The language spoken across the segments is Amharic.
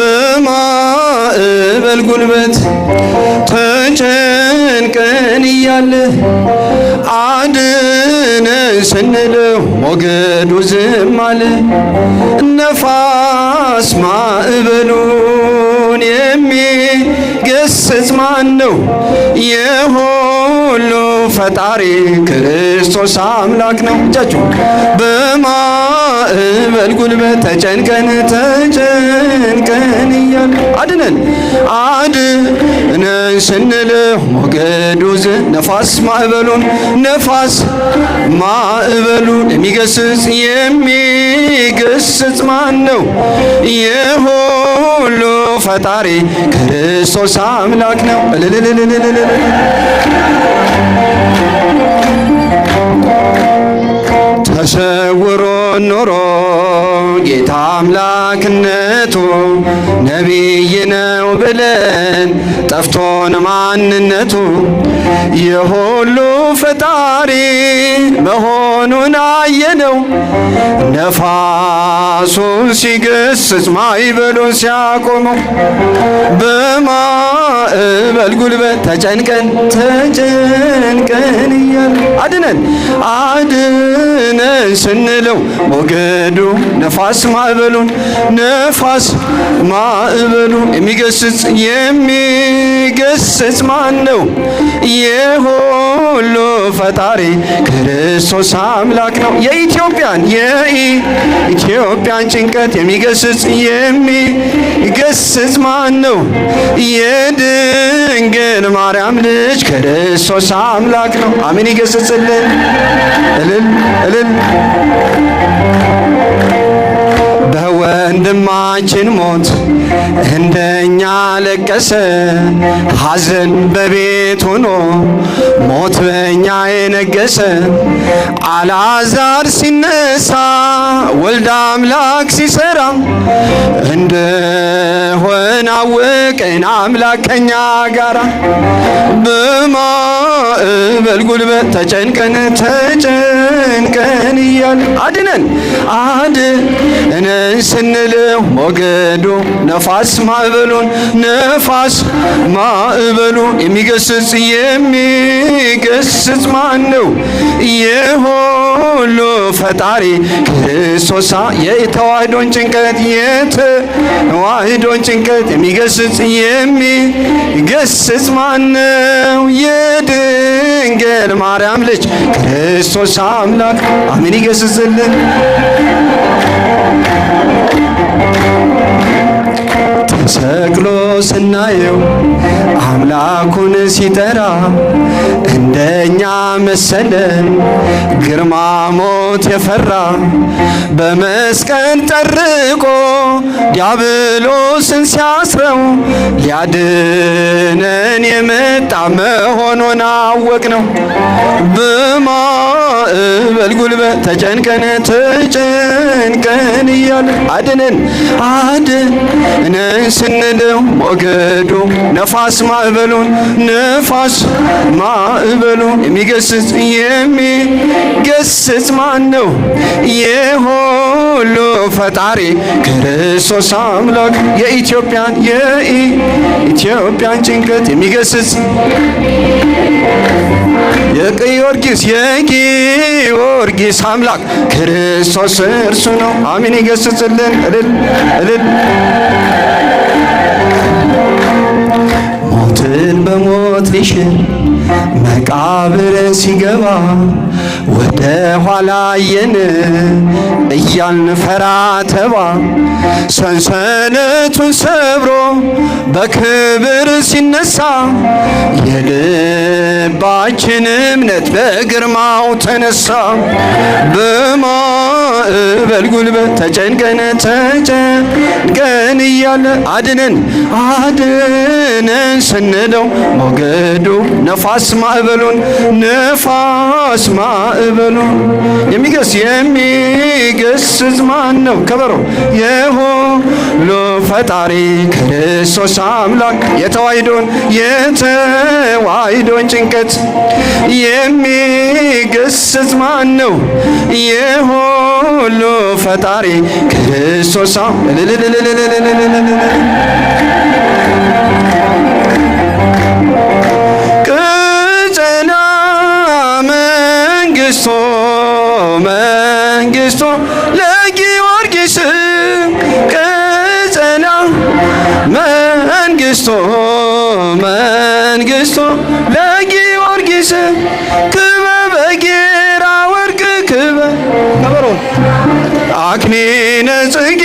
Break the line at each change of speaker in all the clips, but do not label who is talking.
በማዕበል ጉልበት ተጨንቀን እያለ አድነ ስንለው ሞገዱ ዝም አለ። ነፋስ ማዕበሉን የሚገስጽ ማን ነው? የሁሉ ፈጣሪ ክርስቶስ አምላክ ነው። እጃችሁ በማ እመን ጉልበት ተጨንቀን ተጨንቀን እያል አድነን አድነን ስንል ሞገዱ ነፋስ ማዕበሉን ነፋስ ማዕበሉን የሚገስጽ የሚገስጽ ማን ነው? የሁሉ ፈጣሪ ክርስቶስ አምላክ ነው። ተሰውሮ ኑሮ ጌታ አምላክነቱ ነቢይ ነው ብለን ጠፍቶን ማንነቱ የሁሉ ፈጣሪ መሆኑን አየነው። ነፋሱን ሲገስጽ ማዕበሉን ሲያቆመው በማዕበል ጉልበት ተጨንቀን ተጨንቀን እያል አድነን አድነን ስንለው ሞገዱ ነፋስ ማዕበሉን ነፋስ ማዕበሉ የሚገስጽ የሚገስጽ ማን ነው የሆሎ ፈጣሪ ክርስቶስ አምላክ ነው። የኢትዮጵያን የኢትዮጵያን ጭንቀት የሚገስጽ የሚገስጽ ማን ነው? የድንግል ማርያም ልጅ ክርስቶስ አምላክ ነው። አሜን። ይገስጽልን። እልል እልል በወንድማችን ሞት እንደኛ ለቀሰ ሐዘን በቤት ሆኖ ሞት በእኛ የነገሰ አላዛር ሲነሳ ወልድ አምላክ ሲሰራ እንደሆን አወቅን አምላክ ከኛ ጋራ በማዕበል ጉልበት ተጨንቀን ተጨንቀን እያለ ብለን አንድ እነን ስንል ሞገዱ ነፋስ ማዕበሉን ነፋስ ማዕበሉ የሚገስጽ የሚገስጽ ማን ነው? የሁሉ ፈጣሪ ክርስቶሳ የተዋህዶን ጭንቀት የተዋህዶን ጭንቀት የሚገስጽ የሚገስጽ ማን ነው? የድንግል ማርያም ልጅ ክርስቶስ አምላክ አሜን ይገስጽልን። Thank you. ስናየው አምላኩን ሲጠራ እንደኛ መሰለን ግርማ ሞት የፈራ በመስቀል ጠርቆ ዲያብሎስን ሲያስረው ሊያድነን የመጣ መሆኑን አወቅ ነው። በማዕበል ጉልበት ተጨንቀን ተጨንቀን እያለ አድነን አድነን ስንለው ሞገ ክዱ ነፋስ ማዕበሉን ነፋስ ማዕበሉን የሚገስጽ የሚገስጽ ማን ነው? የሁሉ ፈጣሪ ክርስቶስ አምላክ የኢትዮጵያን የኢትዮጵያን ጭንቀት የሚገስጽ የቅዮርጊስ የጊዮርጊስ አምላክ ክርስቶስ እርሱ ነው። አሜን። ይገስጽልን። እልል እልል ሞትን በሞት ሊሽር መቃብር ሲገባ ወደ ኋላየን እያልን ፈራተባ ሰንሰለቱን ሰብሮ በክብር ሲነሳ የልባችን እምነት በግርማው ተነሳ። በማዕበል ጉልበት ተጨንቀን ተጨንቀን እያለ አድነን አድነን ስንለው ሞገዱ ነፋስ ማዕበሉን ነፋስ በሉ የሚገስ የሚገስጽ ማን ነው? ከበሮ የሁሉ ፈጣሪ ክርስቶስ አምላክ የተዋሕዶን የተዋሕዶን ጭንቀት የሚገስጽ ማን ነው? የሁሉ ፈጣሪ ክርስቶስ መንግስቱ ለጊዮርጊስ ክበ በጌራ ወርቅ ክበ ከበሮ አክሊለ ጽጌ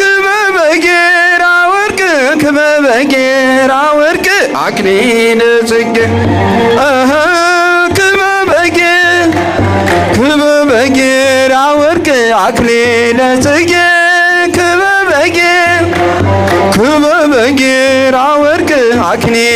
ክበ በጌራ ወርቅ ክበ በጌራ ወርቅ አክሊለ ጽጌ ክበ በጌ ክበ በጌራ ወርቅ አክሊለ ጽጌ ክበ በጌ ክበ በጌራ ወርቅ አክሊለ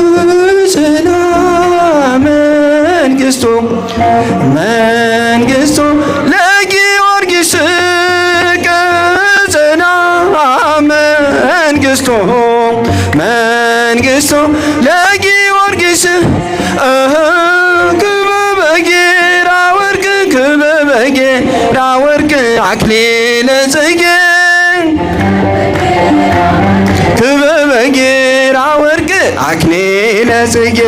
መንግስቱ መንግስቱ ለጊዮርጊስ ቅጽና መንግስቱ መንግስቱ ለጊዮርጊስ ክበበጌራ ወርቅ ክበበጌራ ወርቅ አክሊለ ጽጌ ክበበጌራ ወርቅ አክሊለ ጽጌ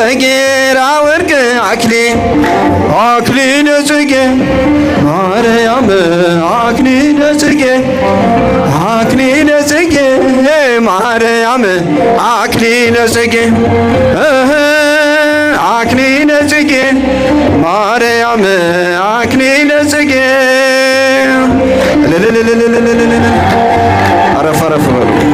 በጌራ ወርቅ አክሊል አክሊል ጽጌ ማርያም አክሊል ጽጌ አክሊል ጽጌ ማርያም አክሊል ጽጌ አክሊል ጽጌ ማርያም አክሊል ጽጌ አረፍ አረፍ በሉ።